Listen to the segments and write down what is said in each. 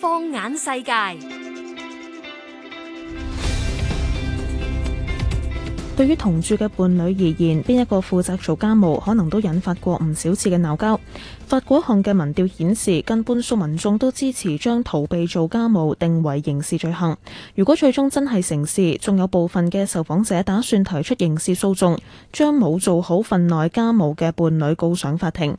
放眼世界，對於同住嘅伴侶而言，邊一個負責做家務，可能都引發過唔少次嘅鬧交。法國項嘅民調顯示，近半數民眾都支持將逃避做家務定為刑事罪行。如果最終真係成事，仲有部分嘅受訪者打算提出刑事訴訟，將冇做好份內家務嘅伴侶告上法庭。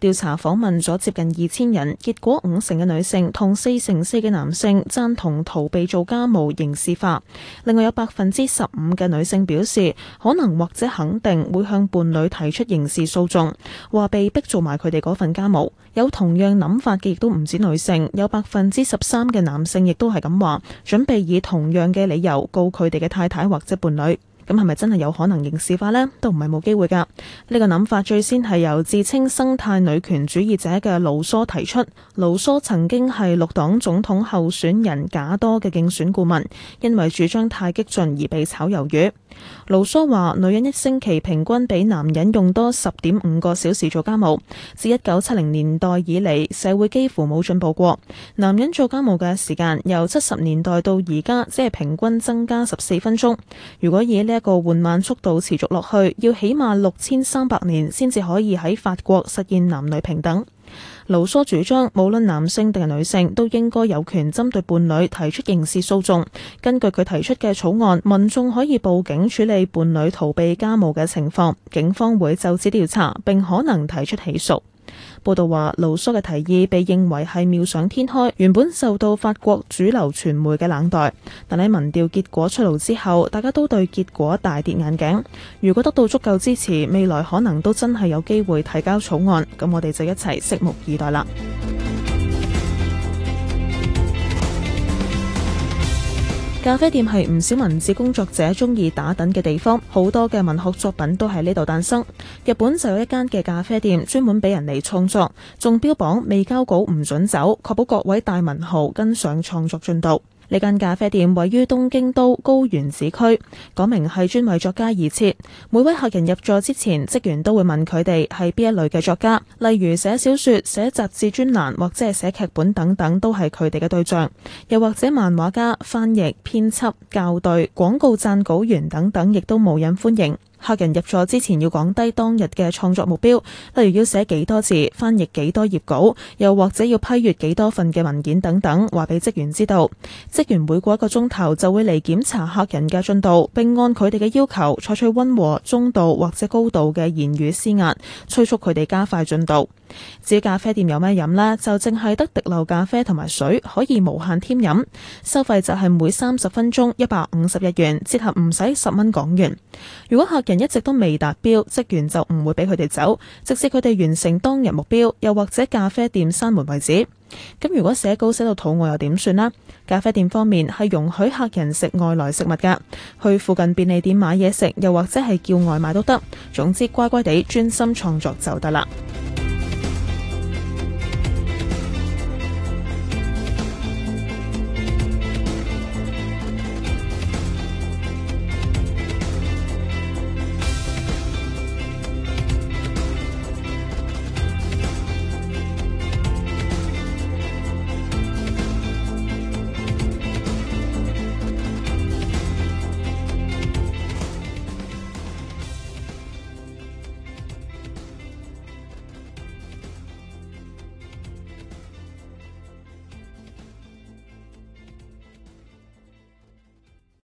調查訪問咗接近二千人，結果五成嘅女性同四成四嘅男性贊同逃避做家務刑事化。另外有百分之十五嘅女性表示可能或者肯定會向伴侶提出刑事訴訟，話被逼做埋佢哋嗰份家務。有同樣諗法嘅亦都唔止女性，有百分之十三嘅男性亦都係咁話，準備以同樣嘅理由告佢哋嘅太太或者伴侶。咁係咪真係有可能刑事化呢？都唔係冇機會噶。呢個諗法最先係由自稱生態女權主義者嘅盧梭提出。盧梭曾經係綠黨總統候選人賈多嘅競選顧問，因為主張太激進而被炒魷魚。盧梭話：女人一星期平均比男人用多十點五個小時做家務。自一九七零年代以嚟，社會幾乎冇進步過。男人做家務嘅時間由七十年代到而家，只係平均增加十四分鐘。如果以呢一個個緩慢速度持續落去，要起碼六千三百年先至可以喺法國實現男女平等。盧梭主張，無論男性定係女性，都應該有權針對伴侶提出刑事訴訟。根據佢提出嘅草案，民眾可以報警處理伴侶逃避家務嘅情況，警方會就此調查，並可能提出起訴。報道話，盧梭嘅提議被認為係妙想天開，原本受到法國主流傳媒嘅冷待，但喺民調結果出爐之後，大家都對結果大跌眼鏡。如果得到足夠支持，未來可能都真係有機會提交草案，咁我哋就一齊拭目以待啦。咖啡店係唔少文字工作者中意打躉嘅地方，好多嘅文學作品都喺呢度誕生。日本就有一間嘅咖啡店專門俾人嚟創作，仲標榜未交稿唔准走，確保各位大文豪跟上創作進度。呢間咖啡店位於東京都高原寺高圓寺區，講明係專為作家而設。每位客人入座之前，職員都會問佢哋係邊一類嘅作家，例如寫小說、寫雜誌專欄或者係寫劇本等等，都係佢哋嘅對象。又或者漫畫家、翻譯、編輯、校對、廣告撰稿員等等，亦都無人歡迎。客人入座之前要講低當日嘅創作目標，例如要寫幾多字、翻譯幾多頁稿，又或者要批閱幾多份嘅文件等等，話俾職員知道。職員每過一個鐘頭就會嚟檢查客人嘅進度，並按佢哋嘅要求採取溫和、中度或者高度嘅言語施壓，催促佢哋加快進度。至於咖啡店有咩飲呢？就淨係得滴漏咖啡同埋水可以無限添飲，收費就係每三十分鐘一百五十日元，折合唔使十蚊港元。如果客人，人一直都未達標，職員就唔會俾佢哋走，直至佢哋完成當日目標，又或者咖啡店閂門為止。咁如果寫稿寫到肚餓又點算呢？咖啡店方面係容許客人食外來食物噶，去附近便利店買嘢食，又或者係叫外賣都得。總之乖乖地專心創作就得啦。